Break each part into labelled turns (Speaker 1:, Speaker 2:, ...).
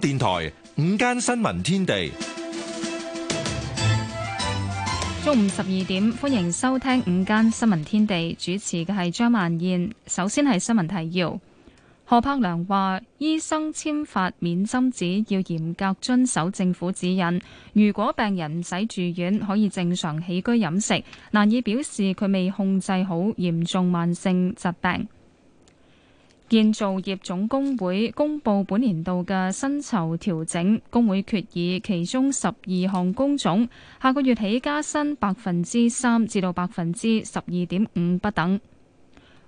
Speaker 1: 電台午間新聞天地，
Speaker 2: 中午十二點，歡迎收聽午間新聞天地，主持嘅係張曼燕。首先係新聞提要，何柏良話，醫生簽發免針紙要嚴格遵守政府指引，如果病人唔使住院可以正常起居飲食，難以表示佢未控制好嚴重慢性疾病。建造業總工會公布本年度嘅薪酬調整，工會決議其中十二項工種下個月起加薪百分之三至到百分之十二點五不等。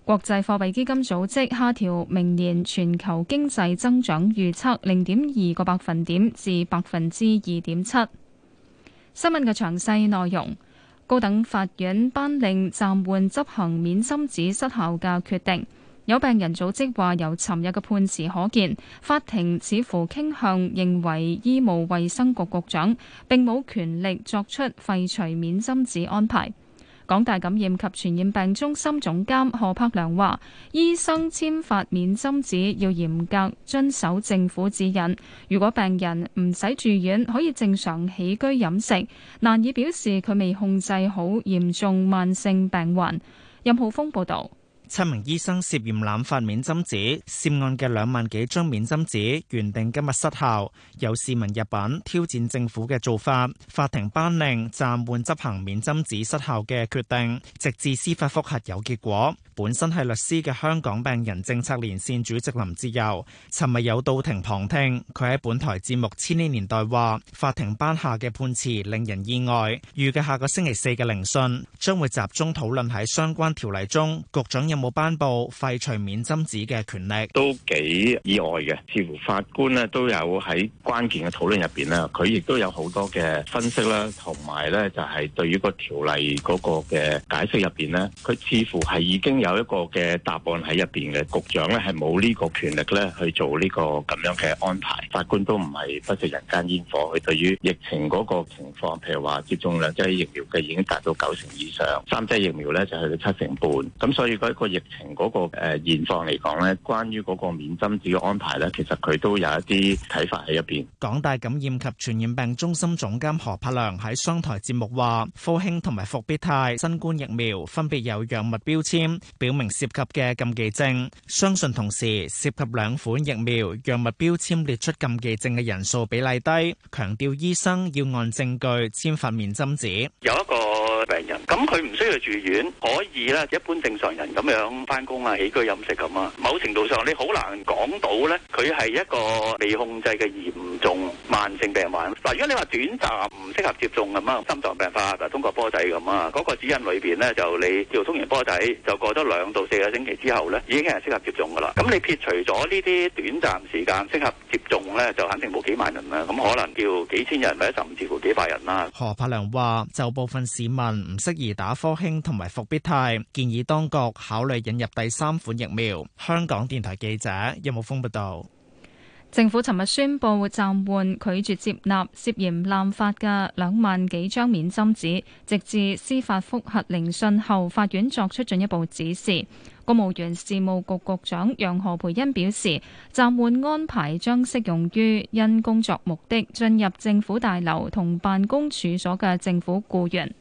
Speaker 2: 國際貨幣基金組織下調明年全球經濟增長預測零點二個百分點至百分之二點七。新聞嘅詳細內容，高等法院頒令暫緩執行免針紙失效嘅決定。有病人組織話：由尋日嘅判詞可見，法庭似乎傾向認為醫務衛生局局長並冇權力作出廢除免針紙安排。港大感染及傳染病中心總監何柏良話：醫生簽發免針紙要嚴格遵守政府指引，如果病人唔使住院，可以正常起居飲食，難以表示佢未控制好嚴重慢性病患。任浩峰報導。
Speaker 3: 七名醫生涉嫌濫發免針紙，涉案嘅兩萬幾張免針紙原定今日失效，有市民入禀挑戰政府嘅做法，法庭頒令暫緩執行免針紙失效嘅決定，直至司法覆核有結果。本身係律師嘅香港病人政策連線主席林志柔，尋日有到庭旁聽，佢喺本台節目《千禧年代》話法庭頒下嘅判詞令人意外，預計下個星期四嘅聆訊將會集中討論喺相關條例中，局長有冇頒布廢除免針紙嘅權力，
Speaker 4: 都幾意外嘅。似乎法官咧都有喺關鍵嘅討論入邊咧，佢亦都有好多嘅分析啦，同埋咧就係對於個條例嗰個嘅解釋入邊咧，佢似乎係已經。有一個嘅答案喺入邊嘅局長咧，係冇呢個權力咧去做呢個咁樣嘅安排。法官都唔係不食人間煙火，佢對於疫情嗰個情況，譬如話接種兩劑疫苗嘅已經達到九成以上，三劑疫苗咧就係到七成半。咁所以嗰個疫情嗰個誒現況嚟講咧，關於嗰個免針紙嘅安排咧，其實佢都有一啲睇法喺入邊。
Speaker 3: 港大感染及傳染病中心總監何柏良喺商台節目話：科興同埋復必泰新冠疫苗分別有藥物標籤。表明涉及嘅禁忌症，相信同時涉及兩款疫苗藥物標籤列出禁忌症嘅人數比例低，強調醫生要按證據簽發免針紙。
Speaker 4: 有一個。病人咁佢唔需要住院，
Speaker 1: 可以咧一般正常人咁樣返工啊、起居飲食咁啊。某程度上，你好難講到咧佢係一個未控制嘅嚴重慢性病患。嗱，如果你話短暫唔適合接種咁啊，心臟病發，嗱，通過波仔咁啊，嗰個指引裏邊咧就你叫做完波仔就過咗兩到四個星期之後咧，已經係適合接種噶啦。咁你撇除咗呢啲短暫時間適合接種咧，就肯定冇幾萬人啦。咁可能叫幾千人或
Speaker 3: 者甚至乎幾百人啦。何柏良話：就部分市民。唔適宜打科興同埋復必泰，建議當局考慮引入第三款疫苗。香港電台記者任木峰報道，
Speaker 2: 政府尋日宣布暫緩拒絕接納涉嫌濫發嘅兩萬幾張免針紙，直至司法覆核聆訊後，法院作出進一步指示。公務員事務局局，局長楊何培恩表示，暫緩安排將適用於因工作目的進入政府大樓同辦公處所嘅政府僱員。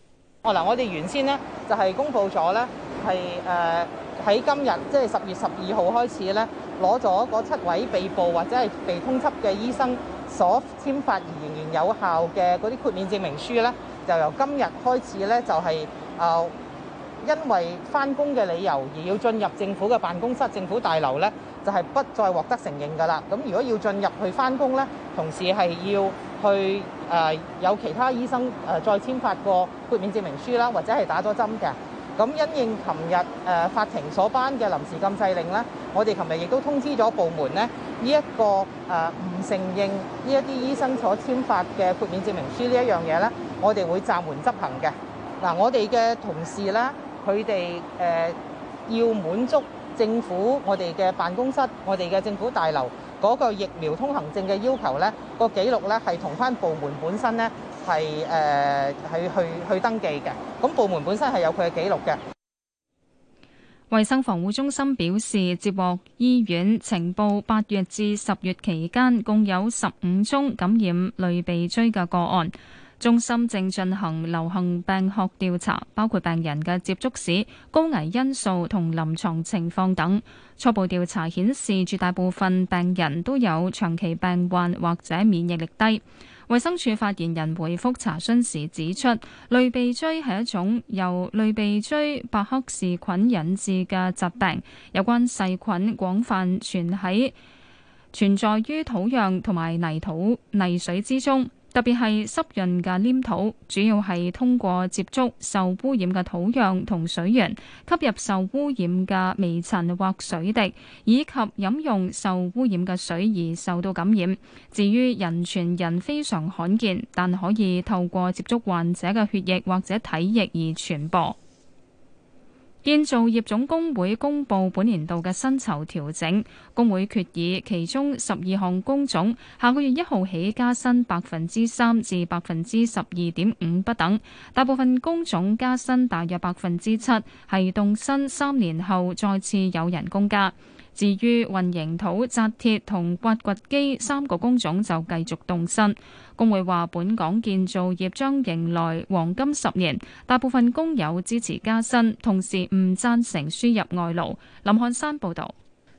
Speaker 5: 哦，嗱，我哋原先咧就係公布咗咧，係誒喺今日，即係十月十二號開始咧，攞咗嗰七位被捕或者係被通緝嘅醫生所簽發而仍然有效嘅嗰啲豁免證明書咧，就由今日開始咧就係誒。因為翻工嘅理由而要進入政府嘅辦公室、政府大樓呢，就係、是、不再獲得承認㗎喇。咁如果要進入去翻工呢，同事係要去誒、呃、有其他醫生誒再簽發個豁免證明書啦，或者係打咗針嘅。咁因應琴日誒、呃、法庭所頒嘅臨時禁制令呢，我哋琴日亦都通知咗部門呢，呢一個誒唔、呃、承認呢一啲醫生所簽發嘅豁免證明書呢一樣嘢呢，我哋會暫緩執行嘅。嗱，我哋嘅同事呢。佢哋誒要滿足政府我哋嘅辦公室、我哋嘅政府大樓嗰個疫苗通行證嘅要求呢個記錄呢，係同翻部門本身呢，係誒係去去登記嘅。咁部門本身係有佢嘅記錄嘅。
Speaker 2: 衛生防護中心表示，接獲醫院呈報，八月至十月期間共有十五宗感染類鼻疽嘅個案。中心正進行流行病學調查，包括病人嘅接觸史、高危因素同臨床情況等。初步調查顯示，絕大部分病人都有長期病患或者免疫力低。衛生署發言人回覆查詢時指出，類鼻疽係一種由類鼻疽伯克氏菌引致嘅疾病。有關細菌廣泛存喺存在於土壤同埋泥土泥水之中。特別係濕潤嘅黏土，主要係通過接觸受污染嘅土壤同水源，吸入受污染嘅微塵或水滴，以及飲用受污染嘅水而受到感染。至於人傳人非常罕見，但可以透過接觸患者嘅血液或者體液而傳播。建造業總工會公布本年度嘅薪酬調整，工會決議其中十二項工種下個月一號起加薪百分之三至百分之十二點五不等，大部分工種加薪大約百分之七，係凍薪三年後再次有人工加。至於混凝土、紮鐵同挖掘機三個工種就繼續動身。工會話：本港建造業將迎來黃金十年，大部分工友支持加薪，同時唔贊成輸入外勞。林漢山報導。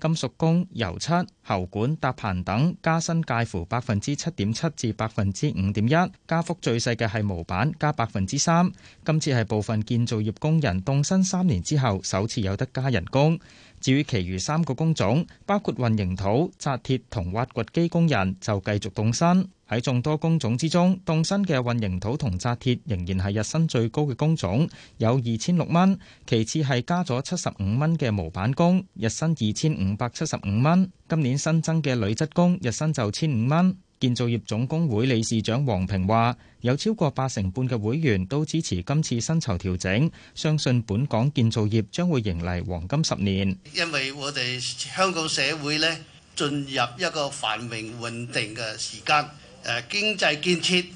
Speaker 6: 金屬工、油漆、喉管、搭棚等加薪介乎百分之七點七至百分之五點一，加幅最細嘅係模板，加百分之三。今次係部分建造業工人凍薪三年之後，首次有得加人工。至於其餘三個工種，包括混凝土、紮鐵同挖掘機工人，就繼續凍薪。喺眾多工種之中，凍薪嘅混凝土同紮鐵仍然係日薪最高嘅工種，有二千六蚊。其次係加咗七十五蚊嘅模板工，日薪二千五百七十五蚊。今年新增嘅女職工，日薪就千五蚊。建造業總工會理事長黃平話：有超過八成半嘅會員都支持今次薪酬調整，相信本港建造業將會迎嚟黃金十年。
Speaker 7: 因
Speaker 1: 為我哋香港社會呢，進入一個繁榮穩定嘅時間。誒經濟建設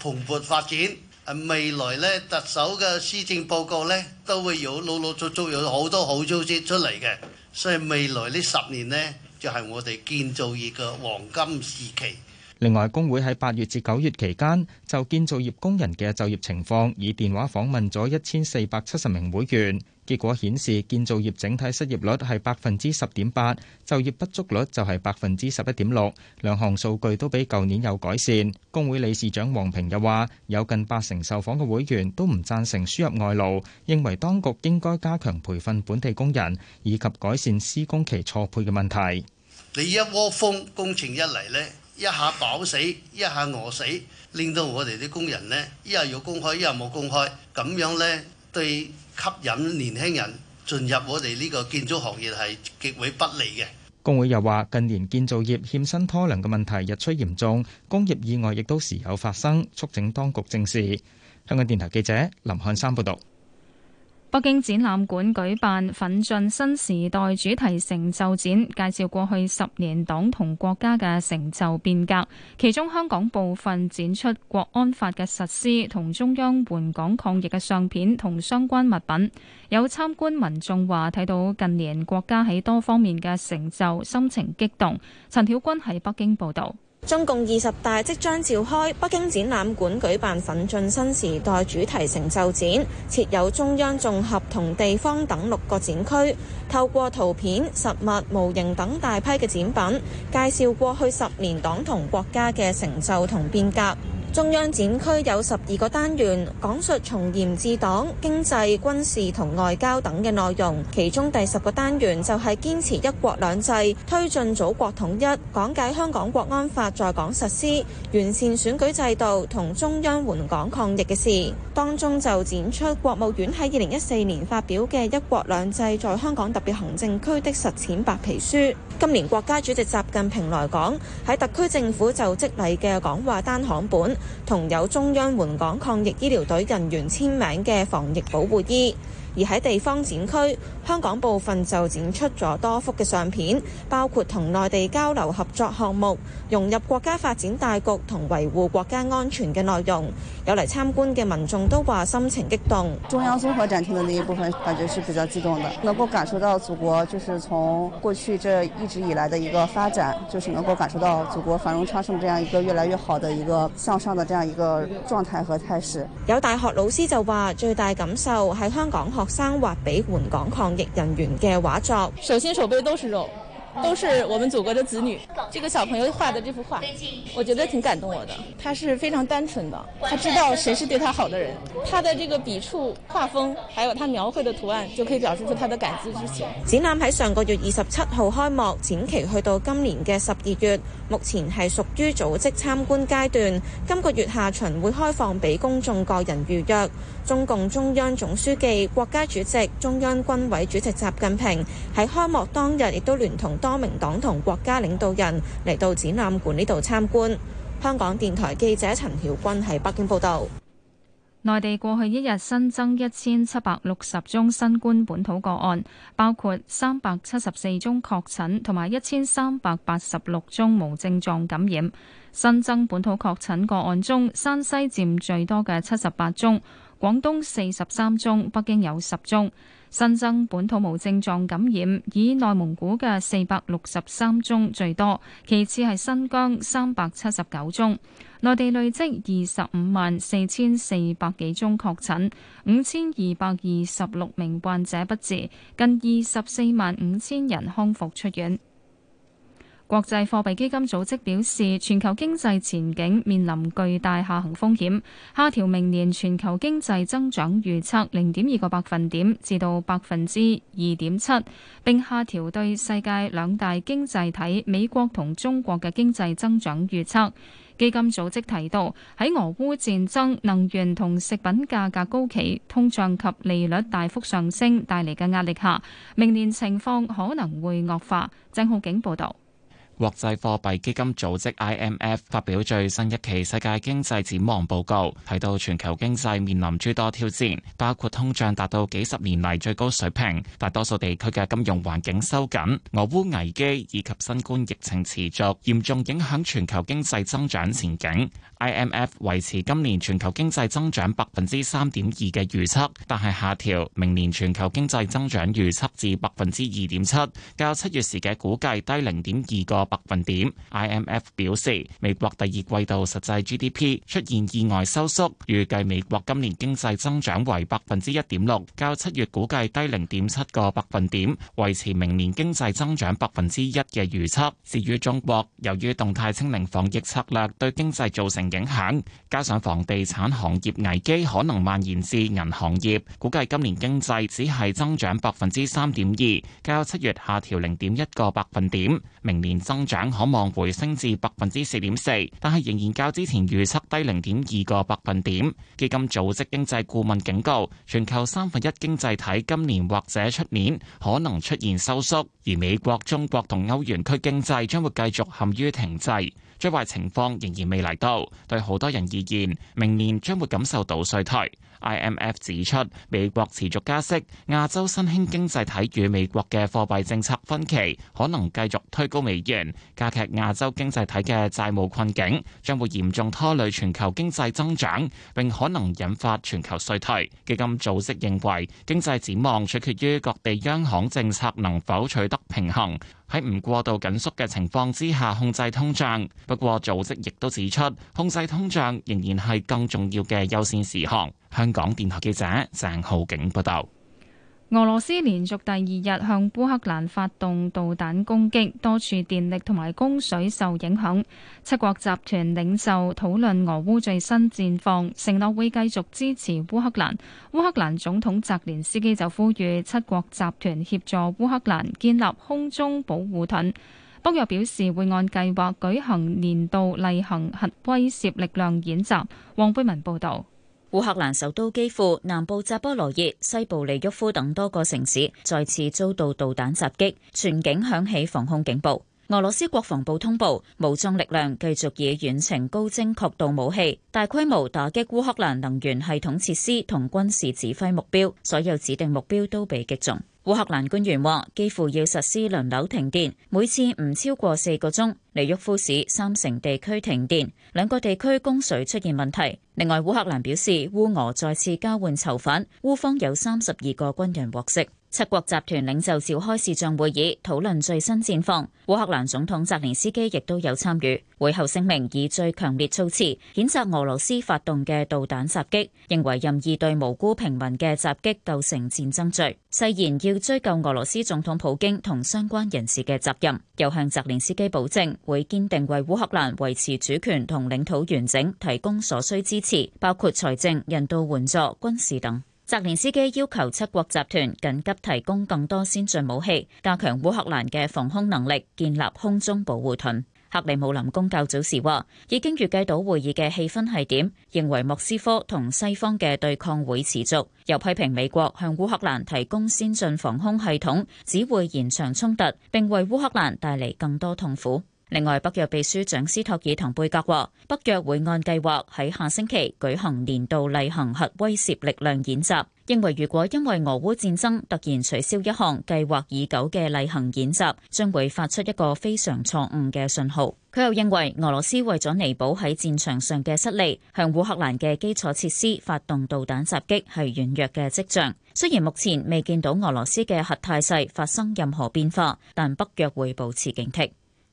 Speaker 1: 蓬勃發展，未來咧特首嘅施政報告咧都會有陸陸續續有好多好消息出嚟嘅，所以未來呢十年呢，就係我哋建造業嘅黃金時期。
Speaker 6: 另外，工會喺八月至九月期間就建造業工人嘅就業情況，以電話訪問咗一千四百七十名會員。結果顯示，建造業整體失業率係百分之十點八，就業不足率就係百分之十一點六，兩項數據都比舊年有改善。工會理事長黃平又話，有近八成受訪嘅會員都唔贊成輸入外勞，認為當局應該加強培訓本地工人，以及改善施工期錯配嘅問題。
Speaker 1: 你一窩蜂工程一嚟咧，一下飽死，一下餓死，令到我哋啲工人咧，一日有工開，一日冇工開，咁樣咧。對吸引年輕人進入我哋呢個建築行業係
Speaker 3: 極為不利嘅。
Speaker 6: 工會又話，近年建造業欠薪拖糧嘅問題日趨嚴重，工業意外亦都時有發生，促請當局正視。香港電台記者林漢山報道。
Speaker 2: 北京展覽館舉辦《奮進新時代》主題成就展，介紹過去十年黨同國家嘅成就變革。其中香港部分展出《國安法》嘅實施同中央援港抗疫嘅相片同相關物品。有參觀民眾話：睇到近年國家喺多方面嘅成就，心情激動。陳曉君喺北京報道。
Speaker 8: 中共二十大即將召開，北京展覽館舉辦“奮進新時代”主題成就展，設有中央綜合同地方等六個展區，透過圖片、實物、模型等大批嘅展品，介紹過去十年黨同國家嘅成就同變革。中央展區有十二個單元，講述從嚴治黨、經濟、軍事同外交等嘅內容。其中第十個單元就係堅持一國兩制、推進祖國統一、講解香港國安法在港實施、完善選舉制度同中央援港抗疫嘅事。當中就展出國務院喺二零一四年發表嘅《一國兩制在香港特別行政區的實踐白皮書》。今年國家主席習近平來港，喺特區政府就職禮嘅講話單行本，同有中央援港抗疫醫療隊人員簽名嘅防疫保護衣。而喺地方展區，香港部分就展出咗多幅嘅相片，包括同內地交流合作項目、融入國家發展大局同維護國家安全嘅內容。有嚟參觀嘅民眾都話心情激動，中央綜合展廳嘅那一部分，感覺是比較激動嘅，能夠感受到祖國就是從過去這一直以來的一個發展，就是能夠感受到祖國繁榮昌盛，這樣一個越來越好的一個向上的這樣一個狀態和態勢。有大學老師就話最大感受喺香港學生畫俾援港抗疫人員嘅畫作。首先手都是我們祖國的子女。這個小朋友畫的這幅畫，我覺得挺感動我的。他是非常單純的，他知道誰是對他好的人。他的這個筆觸、畫風，還有他描繪的圖案，就可以表示出他的感激之情。展覽喺上個月二十七號開幕，展期去到今年嘅十二月。目前係屬於組織參觀階段。今個月下旬會開放畀公眾個人預約。中共中央總書記、國家主席、中央軍委主席習近平喺開幕當日，亦都聯同，多名黨同國家領導人嚟到展覽館呢度參觀。香港電台記者陳曉君喺北京報道。內地過去一日
Speaker 2: 新增一千七百六十宗新冠本土個案，包括三百七十四宗確診同埋一千三百八十六宗無症狀感染。新增本土確診個案中，山西佔最多嘅七十八宗，廣東四十三宗，北京有十宗。新增本土無症狀感染，以內蒙古嘅四百六十三宗最多，其次係新疆三百七十九宗。內地累積二十五萬四千四百幾宗確診，五千二百二十六名患者不治，近二十四萬五千人康復出院。國際貨幣基金組織表示，全球經濟前景面臨巨大下行風險，下調明年全球經濟增長預測零點二個百分點至到百分之二點七，並下調對世界兩大經濟體美國同中國嘅經濟增長預測。基金組織提到，喺俄烏戰爭、能源同食品價格高企、通脹及利率大幅上升帶嚟嘅壓力下，明年情況可能會惡化。鄭浩景報道。
Speaker 4: 國際貨幣基金組織 （IMF） 發表最新一期世界經濟展望報告，提到全球經濟面臨諸多挑戰，包括通脹達到幾十年嚟最高水平，大多數地區嘅金融環境收緊，俄烏危機以及新冠疫情持續，嚴重影響全球經濟增長前景。IMF 維持今年全球經濟增長百分之三點二嘅預測，但係下調明年全球經濟增長預測至百分之二點七，較七月時嘅估計低零點二個。百分點，IMF 表示美國第二季度實際 GDP 出現意外收縮，預計美國今年經濟增長為百分之一點六，較七月估計低零點七個百分點，維持明年經濟增長百分之一嘅預測。至於中國，由於動態清零防疫策略對經濟造成影響，加上房地產行業危機可能蔓延至銀行業，估計今年經濟只係增長百分之三點二，較七月下調零點一個百分點，明年增。增長可望回升至百分之四點四，但係仍然較之前預測低零點二個百分點。基金組織經濟顧問警告，全球三分一經濟體今年或者出年可能出現收縮，而美國、中國同歐元區經濟將會繼續陷於停滯。最壞情況仍然未嚟到，對好多人而言，明年將會感受到衰退。IMF 指出，美國持續加息，亞洲新興經濟體與美國嘅貨幣政策分歧，可能繼續推高美元，加劇亞洲經濟體嘅債務困境，將會嚴重拖累全球經濟增長，並可能引發全球衰退。基金組織認為，經濟展望取決於各地央行政策能否取得平衡。喺唔過度緊縮嘅情況之下控制通脹，不過組織亦都指出，控制通脹仍然係更重要嘅優先事項。香港電台記者
Speaker 2: 鄭浩景報道。俄羅斯連續第二日向烏克蘭發動導彈攻擊，多處電力同埋供水受影響。七國集團領袖討論俄烏最新戰況，承諾會繼續支持烏克蘭。烏克蘭總統澤連斯基就呼籲七國集團協助烏克蘭建立空中保護盾。北約表示會按計劃舉行年度例行核威懾力量演習。黃貝文報導。
Speaker 9: 烏克蘭首都基輔、南部扎波羅熱、西部利沃夫等多個城市再次遭到導彈襲擊，全境響起防空警報。俄羅斯國防部通報，武裝力量繼續以遠程高精確度武器大規模打擊烏克蘭能源系統設施同軍事指揮目標，所有指定目標都被擊中。烏克蘭官員話，幾乎要實施輪流停電，每次唔超過四個鐘。利沃夫市三成地區停電，兩個地區供水出現問題。另外，烏克蘭表示烏俄再次交換囚犯，烏方有三十二個軍人獲釋。七國集團領袖召開視像會議，討論最新戰況。烏克蘭總統澤連斯基亦都有參與。會後聲明以最強烈措辭譴責俄羅斯發動嘅導彈襲擊，認為任意對無辜平民嘅襲擊構成戰爭罪，誓言要追究俄羅斯總統普京同相關人士嘅責任。又向澤連斯基保證。會堅定為烏克蘭維持主權同領土完整，提供所需支持，包括財政、人道援助、軍事等。澤連斯基要求七國集團緊急提供更多先進武器，加強烏克蘭嘅防空能力，建立空中保護盾。克里姆林宮較早時話，已經預計到會議嘅氣氛係點，認為莫斯科同西方嘅對抗會持續。又批評美國向烏克蘭提供先進防空系統，只會延長衝突，並為烏克蘭帶嚟更多痛苦。另外，北約秘書長斯托爾滕貝格話，北約會按計劃喺下星期舉行年度例行核威懾力量演習，認為如果因為俄烏戰爭突然取消一項計劃已久嘅例行演習，將會發出一個非常錯誤嘅信號。佢又認為，俄羅斯為咗彌補喺戰場上嘅失利，向烏克蘭嘅基礎設施發動導彈襲擊係軟弱嘅跡象。雖然目前未見到俄羅斯嘅核態勢發生任何變化，但北約會保持警惕。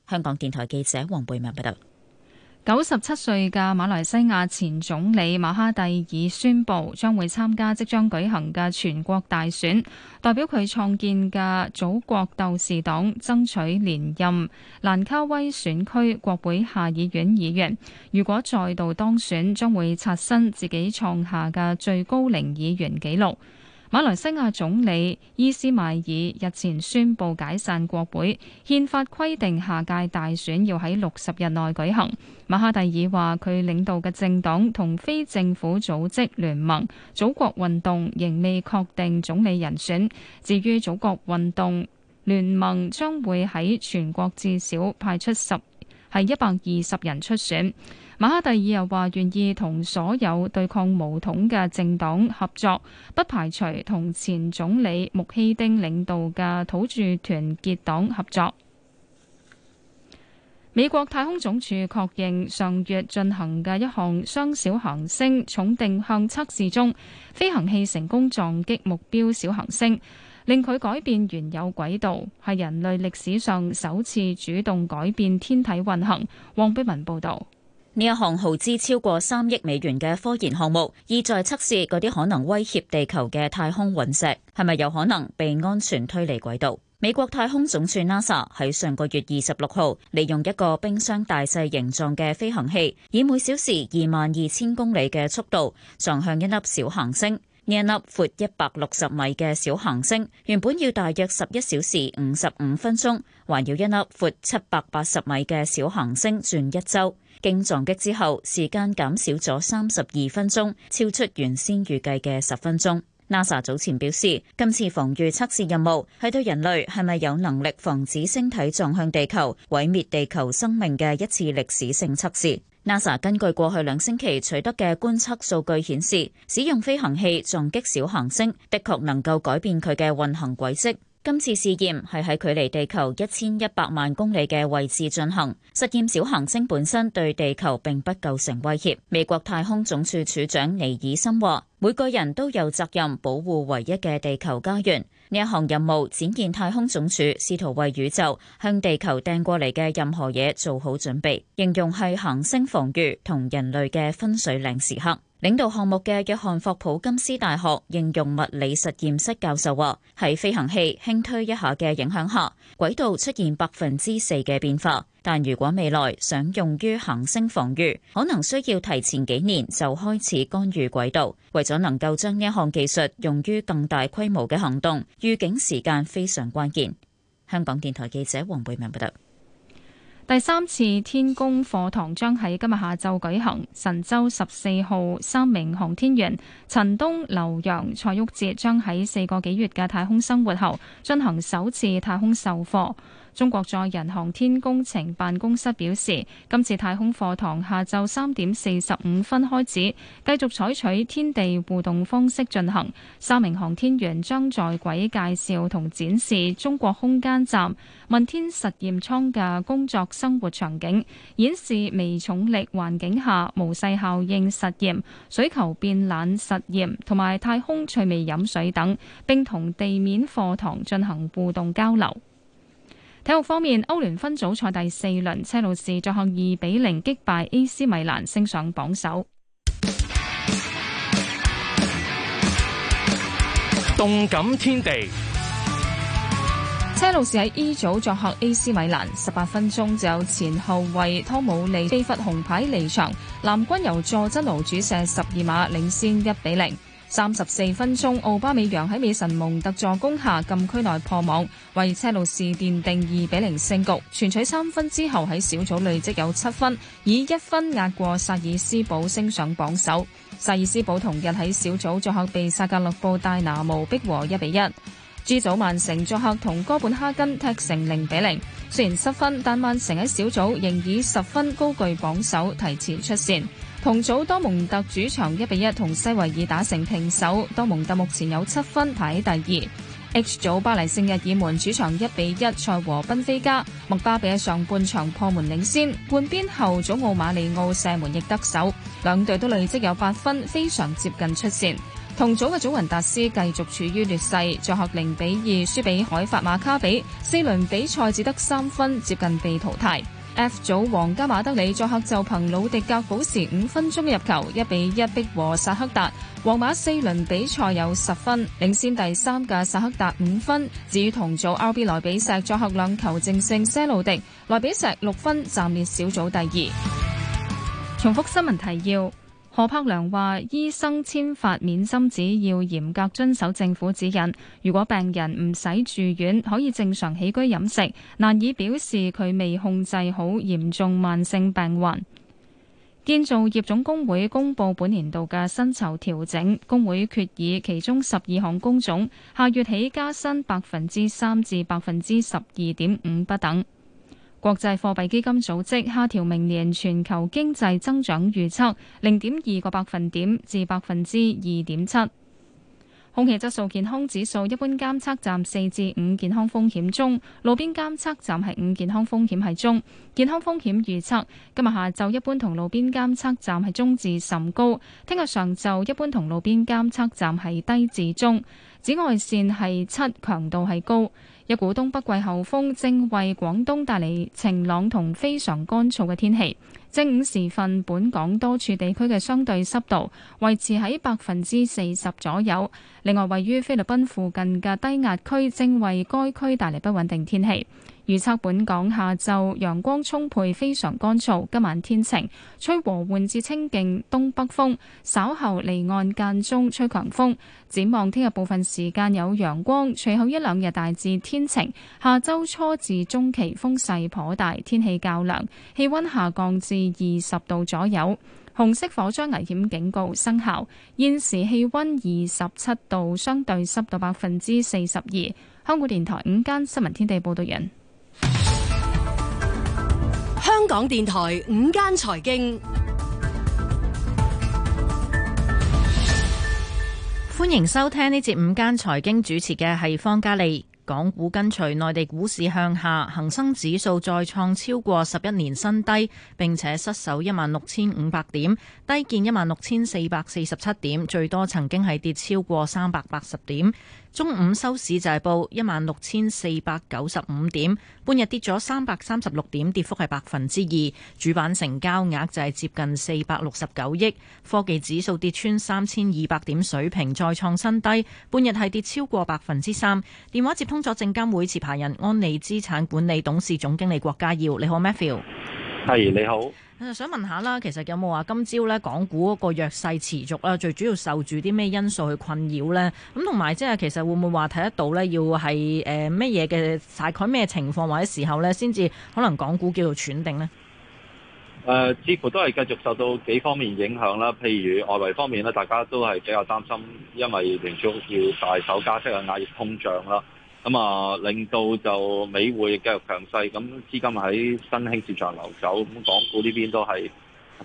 Speaker 9: 香港電台記者黃貝文報道，九十
Speaker 2: 七歲嘅馬來西亞前總理馬哈蒂爾宣布將會參加即將舉行嘅全國大選，代表佢創建嘅祖國鬥士黨爭取連任蘭卡威選區國會下議院議員。如果再度當選，將會刷新自己創下嘅最高齡議員紀錄。馬來西亞總理伊斯邁爾日前宣布解散國會，憲法規定下屆大選要喺六十日內舉行。馬哈蒂爾話，佢領導嘅政黨同非政府組織聯盟，祖國運動仍未確定總理人選。至於祖國運動，聯盟將會喺全國至少派出十係一百二十人出選，馬哈蒂爾又話願意同所有對抗巫統嘅政黨合作，不排除同前總理穆希丁領導嘅土著團結黨合作。美國太空總署確認上月進行嘅一項雙小行星重定向測試中，飛行器成功撞擊目標小行星。令佢改變原有軌道，係人類歷史上首次主動改變天體運行。黃碧文報導，
Speaker 9: 呢一項耗資超過三億美元嘅科研項目，意在測試嗰啲可能威脅地球嘅太空隕石，係咪有可能被安全推離軌道。美國太空總署 NASA 喺上個月二十六號，利用一個冰箱大細形狀嘅飛行器，以每小時二萬二千公里嘅速度撞向一粒小行星。呢一粒闊一百六十米嘅小行星，原本要大約十一小時五十五分鐘，環繞一粒闊七百八十米嘅小行星轉一周。經撞擊之後，時間減少咗三十二分鐘，超出原先預計嘅十分鐘。NASA 早前表示，今次防禦測試任務係對人類係咪有能力防止星體撞向地球、毀滅地球生命嘅一次歷史性測試。NASA 根據過去兩星期取得嘅觀測數據顯示，使用飛行器撞擊小行星，的確能夠改變佢嘅運行軌跡。今次試驗係喺距離地球一千一百萬公里嘅位置進行，實驗小行星本身對地球並不構成威脅。美國太空總署署長尼爾森話，每個人都有責任保護唯一嘅地球家園。呢一項任務展現太空總署試圖為宇宙向地球掟過嚟嘅任何嘢做好準備，形容係行星防禦同人類嘅分水嶺時刻。領導項目嘅約翰霍普金斯大學應用物理實驗室教授話：喺飛行器輕推一下嘅影響下，軌道出現百分之四嘅變化。但如果未來想用於行星防禦，可能需要提前幾年就開始干預軌道。為咗能夠將呢項技術用於更大規模嘅行動，預警時間非常關鍵。香港電台記者黃貝文報道。
Speaker 2: 第三次天宮課堂將喺今日下晝舉行，神舟十四號三名航天員陳冬、劉洋、蔡旭哲將喺四個幾月嘅太空生活後進行首次太空授課。中國載人航天工程辦公室表示，今次太空課堂下晝三點四十五分開始，繼續採取天地互動方式進行。三名航天員將在軌介紹同展示中國空間站問天實驗艙嘅工作生活場景，演示微重力環境下毛細效應實驗、水球變懶實驗同埋太空趣味飲水等，並同地面課堂進行互動交流。體育方面，歐聯分組賽第四輪，車路士作客二比零擊敗 A.C. 米蘭，升上榜首。動感天地，車路士喺 E 組作客 A.C. 米蘭，十八分鐘就前後衛湯姆利飛忽紅牌離場，藍軍由佐真奴主射十二碼領先一比零。三十四分鐘，奧巴美揚喺美神蒙特助攻下禁區內破網，為車路士奠定二比零勝局。全取三分之後，喺小組累積有七分，以一分壓過薩爾斯堡，升上榜首。薩爾斯堡同日喺小組作客被薩格勒布戴拿無逼和一比一。G 組曼城作客同哥本哈根踢成零比零，雖然失分，但曼城喺小組仍以十分高踞榜首，提前出線。同組多蒙特主場一比一，同西維爾打成平手。多蒙特目前有七分，排喺第二。H 組巴黎聖日耳門主場一比一賽和賓菲加，莫巴比喺上半場破門領先，換邊後祖奧馬里奧射門亦得手，兩隊都累積有八分，非常接近出線。同組嘅祖雲達斯繼續處於劣勢，作客零比二輸俾海法馬卡比，四輪比賽只得三分，接近被淘汰。F 組皇家馬德里作客就憑魯迪格補時五分鐘入球，一比一逼和薩克達。皇馬四輪比賽有十分，領先第三嘅薩克達五分。至於同組 RB 萊比錫作客兩球正勝些路迪，萊比錫六分，暫列小組第二。重複新聞提要。何柏良話：醫生簽發免針紙要嚴格遵守政府指引。如果病人唔使住院，可以正常起居飲食，難以表示佢未控制好嚴重慢性病患。建造業總工會公佈本年度嘅薪酬調整，工會決議其中十二項工種下月起加薪百分之三至百分之十二點五不等。國際貨幣基金組織下調明年全球經濟增長預測零點二個百分點至百分之二點七。空氣質素健康指數一般監測站四至五健康風險中，路邊監測站係五健康風險係中。健康風險預測今日下晝一般同路邊監測站係中至甚高，聽日上晝一般同路邊監測站係低至中。紫外線係七，強度係高。一股東北季候風正為廣東帶嚟晴朗同非常乾燥嘅天氣。正午時分，本港多處地區嘅相對濕度維持喺百分之四十左右。另外，位於菲律賓附近嘅低壓區正為該區帶嚟不穩定天氣。預測本港下晝陽光充沛，非常乾燥。今晚天晴，吹和緩至清勁東北風。稍後離岸間中吹強風。展望聽日部分時間有陽光，隨後一兩日大致天晴。下周初至中期風勢頗大，天氣較涼，氣温下降至二十度左右。紅色火災危險警告生效。現時氣温二十七度，相對濕度百分之四十二。香港電台午間新聞天地報道完。
Speaker 10: 香港電台午間財經。歡迎收聽呢節午間財經，主持嘅係方嘉利。港股跟隨內地股市向下，恒生指數再創超過十一年新低，並且失守一萬六千五百點，低見一萬六千四百四十七點，最多曾經係跌超過三百八十點。中午收市就係報一萬六千四百九十五點，半日跌咗三百三十六點，跌幅係百分之二。主板成交額就係接近四百六十九億。科技指數跌穿三千二百點水平，再創新低，半日係跌超過百分之三。電話接通咗證監會持牌人安利資產管理董事總經理郭家耀，你好 Matthew。
Speaker 1: 係，你好。
Speaker 10: 想問下啦，其實有冇話今朝咧港股嗰個弱勢持續啦？最主要受住啲咩因素去困擾呢？咁同埋即係其實會唔會話睇得到呢？要係誒咩嘢嘅大概咩情況或者時候呢？先至可能港股叫做喘定呢？誒、
Speaker 1: 呃，似乎都係繼續受到幾方面影響啦。譬如外圍方面咧，大家都係比較擔心，因為聯儲要大手加息啊，壓抑通脹啦。咁啊，令到就美匯亦繼續強勢，咁資金喺新興市場流走，咁港股呢邊都係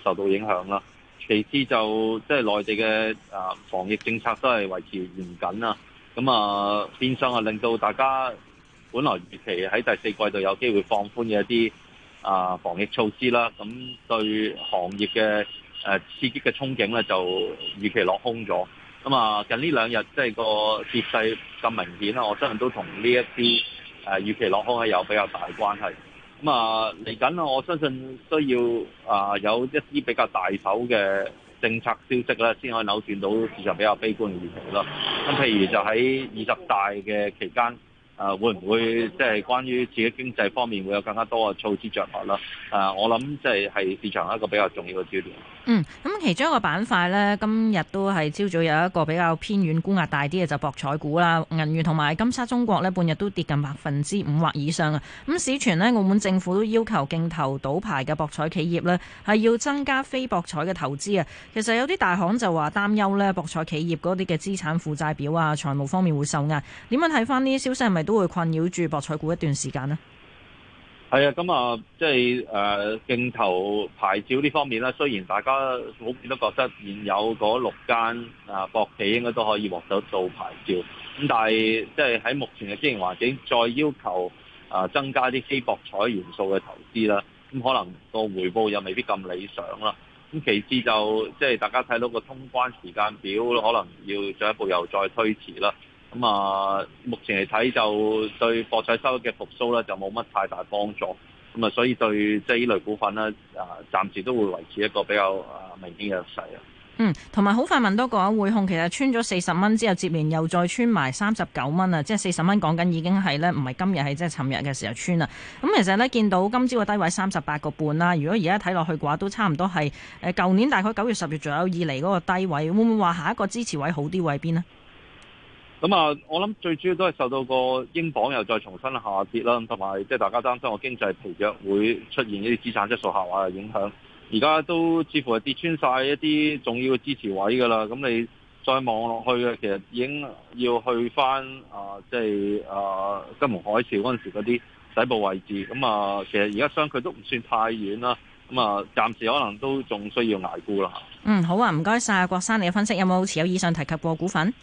Speaker 1: 受到影響啦。其次就即係內地嘅啊防疫政策都係維持嚴緊啦、啊，咁啊變相啊令到大家本來預期喺第四季度有機會放寬嘅一啲啊防疫措施啦，咁對行業嘅誒、啊、刺激嘅憧憬咧就預期落空咗。咁啊，近呢兩日即係個節勢咁明顯啦，我相信都同呢一啲誒預期落空係有比較大關係。咁、嗯、啊，嚟緊我相信需要啊、呃、有一啲比較大手嘅政策消息咧，先可以扭轉到市場比較悲觀嘅現狀啦。咁、啊、譬如就喺二十大嘅期間。啊，會唔會即係關於自己經濟方面會有更加多嘅措施著落啦？啊，啊，我諗即係係市場一個比較重要嘅焦點。
Speaker 10: 嗯，咁其中一個板塊呢，今日都係朝早有一個比較偏遠、沽壓大啲嘅就博彩股啦，銀娛同埋金沙中國呢，半日都跌近百分之五或以上啊。咁市傳呢，澳門政府都要求競投賭牌嘅博彩企業呢，係要增加非博彩嘅投資啊。其實有啲大行就話擔憂呢，博彩企業嗰啲嘅資產負債表啊、財務方面會受壓。點樣睇返呢啲消息係咪？都會困擾住博彩股一段時間呢
Speaker 1: 係啊，咁啊，即係誒，競、呃、投牌照呢方面咧，雖然大家普遍都覺得現有嗰六間啊博企應該都可以獲得到牌照，咁但係即係喺目前嘅經營環境，再要求啊增加啲非博彩元素嘅投資啦，咁可能個回報又未必咁理想啦。咁其次就即係、就是、大家睇到個通關時間表，可能要進一步又再推遲啦。咁啊，目前嚟睇就對博彩收益嘅復甦咧，就冇乜太大幫助。咁啊，所以對即係呢類股份咧，啊暫時都會維持一個比較啊明顯嘅勢啊。嗯，
Speaker 10: 同埋好快問多個話，匯控其實穿咗四十蚊之後，接連又再穿埋三十九蚊啊，即係四十蚊講緊已經係咧，唔係今日係即係尋日嘅時候穿啊。咁其實呢，見到今朝嘅低位三十八個半啦。如果而家睇落去嘅話，都差唔多係誒舊年大概九月、十月左右以嚟嗰個低位，會唔會話下一個支持位好啲位邊呢？
Speaker 1: 咁啊，我諗最主要都係受到個英鎊又再重新下跌啦，同埋即係大家擔心個經濟疲弱會出現一啲資產質素下滑嘅影響，而家都似乎係跌穿晒一啲重要嘅支持位噶啦。咁你再望落去嘅，其實已經要去翻啊，即係啊金融海嘯嗰陣時嗰啲底部位置。咁啊，其實而家相距都唔算太遠啦。咁啊，暫時可能都仲需要捱沽啦。嚇。嗯，
Speaker 10: 好啊，唔該晒。郭生你嘅分析，有冇持有以上提及過股份？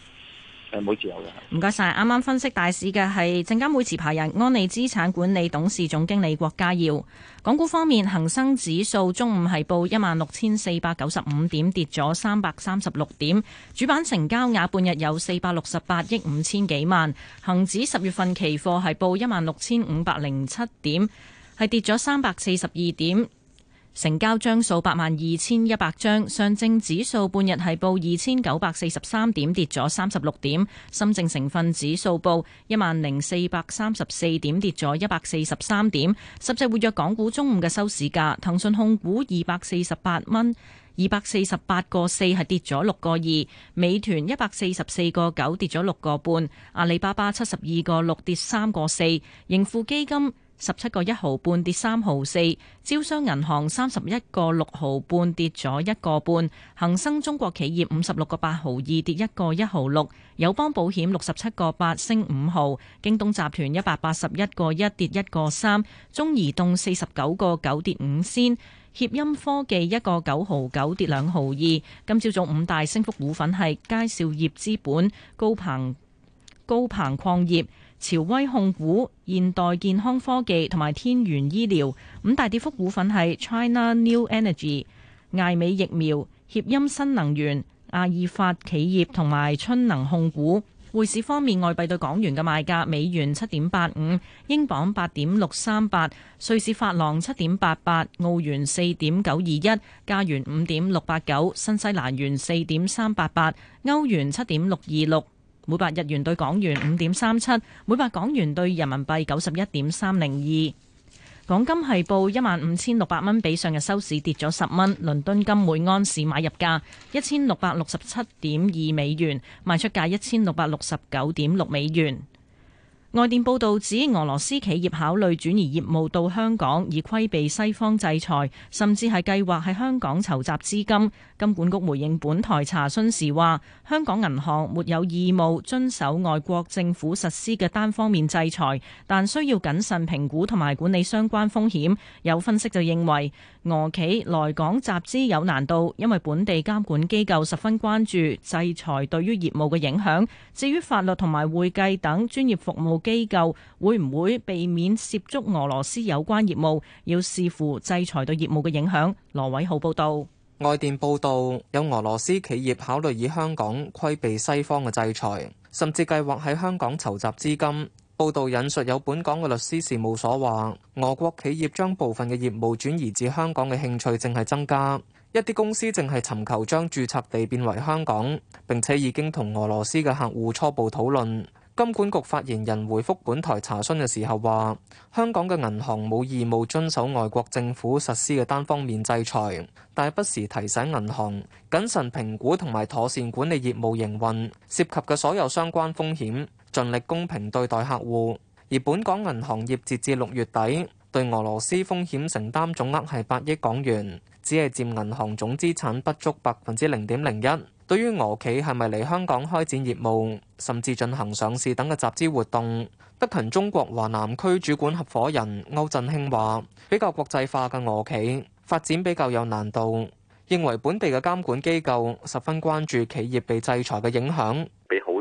Speaker 10: 唔該晒，啱啱分析大市嘅係證監會持牌人安利資產管理董事總經理郭家耀。港股方面，恒生指數中午係報一萬六千四百九十五點，跌咗三百三十六點。主板成交額半日有四百六十八億五千幾萬。恒指十月份期貨係報一萬六千五百零七點，係跌咗三百四十二點。成交張數八萬二千一百張，上證指數半日係報二千九百四十三點，跌咗三十六點。深證成分指數報一萬零四百三十四點，跌咗一百四十三點。十隻活躍港股中午嘅收市價，騰訊控股二百四十八蚊，二百四十八個四係跌咗六個二；美團一百四十四個九跌咗六個半；阿里巴巴七十二個六跌三個四；盈富基金。十七個一毫半跌三毫四，招商銀行三十一個六毫半跌咗一個半，恒生中國企業五十六個八毫二跌一個一毫六，友邦保險六十七個八升五毫，京東集團一百八十一個一跌一個三，中移動四十九個九跌五仙，協鑫科技一個九毫九跌兩毫二。今朝早五大升幅股份係佳兆業資本、高鵬高鵬礦業。朝威控股、現代健康科技同埋天元醫療五大跌幅股份係 China New Energy、艾美疫苗、協鑫新能源、亞爾法企業同埋春能控股。匯市方面，外幣對港元嘅賣價：美元七點八五，英鎊八點六三八，瑞士法郎七點八八，澳元四點九二一，加元五點六八九，新西蘭元四點三八八，歐元七點六二六。每百日圓對港元五點三七，每百港元對人民幣九十一點三零二。港金係報一萬五千六百蚊，比上日收市跌咗十蚊。倫敦金每安士買入價一千六百六十七點二美元，賣出價一千六百六十九點六美元。外電報道指俄羅斯企業考慮轉移業務到香港，以規避西方制裁，甚至係計劃喺香港籌集資金。金管局回應本台查詢時話，香港銀行沒有義務遵守外國政府實施嘅單方面制裁，但需要謹慎評估同埋管理相關風險。有分析就認為俄企來港集資有難度，因為本地監管機構十分關注制裁對於業務嘅影響。至於法律同埋會計等專業服務機構會唔會避免涉足俄羅斯有關業務，要視乎制裁對業務嘅影響。羅偉浩報導。外
Speaker 11: 電報導，有俄羅斯企業考慮以香港規避西方嘅制裁，甚至計劃喺香港籌集資金。報道引述有本港嘅律師事務所話，俄國企業將部分嘅業務轉移至香港嘅興趣正係增加，一啲公司正係尋求將註冊地變為香港，並且已經同俄羅斯嘅客戶初步討論。金管局發言人回覆本台查詢嘅時候話，香港嘅銀行冇義務遵守外國政府實施嘅單方面制裁，但係不時提醒銀行謹慎評估同埋妥善管理業務營運涉及嘅所有相關風險。盡力公平對待客戶，而本港銀行業截至六月底對俄羅斯風險承擔總額係八億港元，只係佔銀行總資產不足百分之零點零一。對於俄企係咪嚟香港開展業務，甚至進行上市等嘅集資活動，德勤中國華南區主管合伙人歐振興話：比較國際化嘅俄企發展比較有難度，認為本地嘅監管機構十分關注企業被制裁嘅影響。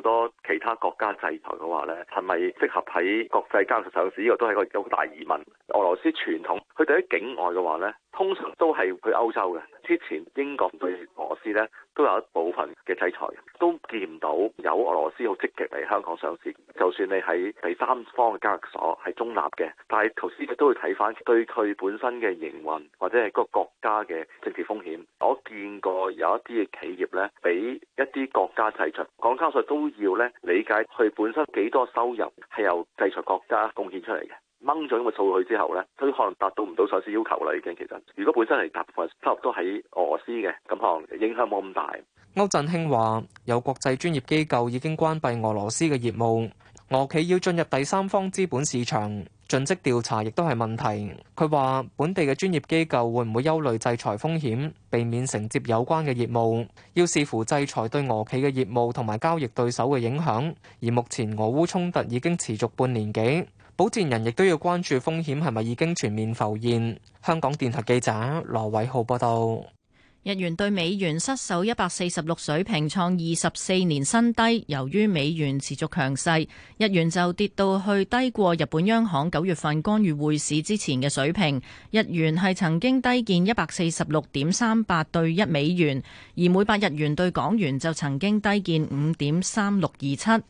Speaker 1: 多其他國家制裁嘅話咧，係咪適合喺國際交察手指？呢個都係一個好大疑問。俄羅斯傳統，佢哋喺境外嘅話咧。通常都係去歐洲嘅，之前英國對俄羅斯呢，都有一部分嘅制裁，都見唔到有俄羅斯好積極嚟香港上市。就算你喺第三方嘅交易所係中立嘅，但係投資者都會睇翻對佢本身嘅營運或者係個國家嘅政治風險。我見過有一啲嘅企業呢，俾一啲國家制裁。港交所都要呢，理解佢本身幾多收入係由制裁國家貢獻出嚟嘅。掹咗呢個數據之後呢，佢可能達到唔到上市要求啦。已經其實，如果本身係大部分收入都喺俄羅斯嘅，咁可能影響冇咁大。
Speaker 11: 歐振興話：有國際專業機構已經關閉俄羅斯嘅業務，俄企要進入第三方資本市場，盡職調查亦都係問題。佢話本地嘅專業機構會唔會憂慮制裁風險，避免承接有關嘅業務？要視乎制裁對俄企嘅業務同埋交易對手嘅影響。而目前俄烏衝突已經持續半年幾。保鑣人亦都要關注風險係咪已經全面浮現。香港電台記者羅偉浩報道：
Speaker 10: 日元對美元失守一百四十六水平，創二十四年新低。由於美元持續強勢，日元就跌到去低過日本央行九月份干預匯市之前嘅水平。日元係曾經低見一百四十六點三八對一美元，而每百日元對港元就曾經低見五點三六二七。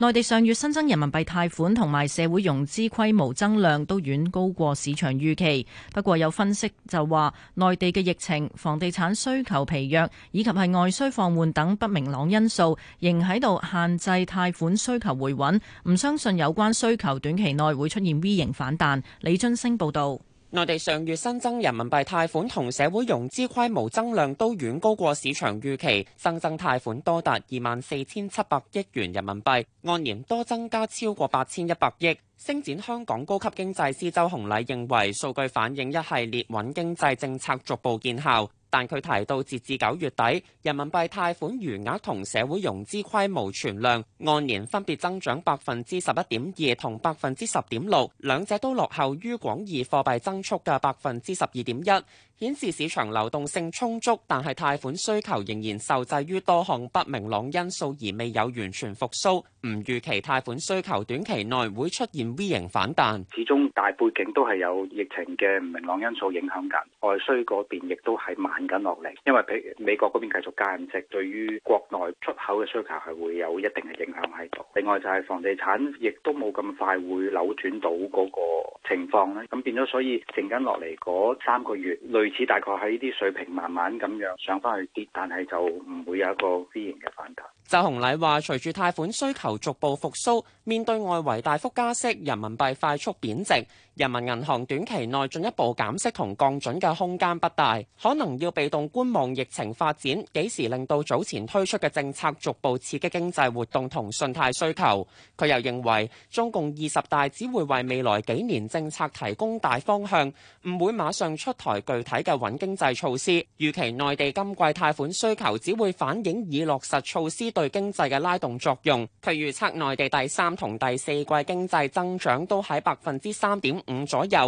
Speaker 10: 內地上月新增人民幣貸款同埋社會融資規模增量都遠高過市場預期，不過有分析就話，內地嘅疫情、房地產需求疲弱以及係外需放緩等不明朗因素，仍喺度限制貸款需求回穩，唔相信有關需求短期內會出現 V 型反彈。李津升報導。內地上月新增人民幣貸款同社會融資規模增量
Speaker 7: 都遠高過市場預期，新增貸款多達二萬四千七百億元人民幣，按年多增加超過八千一百億。星展香港高級經濟師周洪禮認為，數據反映一系列穩經濟政策逐步見效，但佢提到截至九月底，人民幣貸款餘額同社會融資規模存量按年分別增長百分之十一點二同百分之十點六，兩者都落後於廣義貨幣增速嘅百分之十二點一。顯示市場流動性充足，但係貸款需求仍然受制於多項不明朗因素而未有完全復甦。唔預期貸款需求短期內會出現 V 型反彈，
Speaker 5: 始終大背景都
Speaker 6: 係有疫情嘅唔明朗因素影響緊，外需嗰邊亦都係慢緊落嚟。因為美美國嗰邊繼續加息，對於國內出口嘅需求係會有一定嘅影響喺度。另外就係房地產亦都冇咁快會扭轉到嗰個情況咧，咁變咗所以剩緊落嚟嗰三個月類。似大概喺呢啲水平，慢慢咁樣上
Speaker 4: 翻去跌，但係就唔會有一個 V 型嘅反彈。
Speaker 7: 就紅禮話：，隨住貸款需求逐步復蘇，面對外圍大幅加息，人民幣快速貶值。人民銀行短期內進一步減息同降準嘅空間不大，可能要被動觀望疫情發展，幾時令到早前推出嘅政策逐步刺激經濟活動同信貸需求。佢又認為中共二十大只會為未來幾年政策提供大方向，唔會馬上出台具體嘅穩經濟措施。預期內地今季貸款需求只會反映已落實措施對經濟嘅拉動作用。佢預測內地第三同第四季經濟增長都喺百分之三點五左右。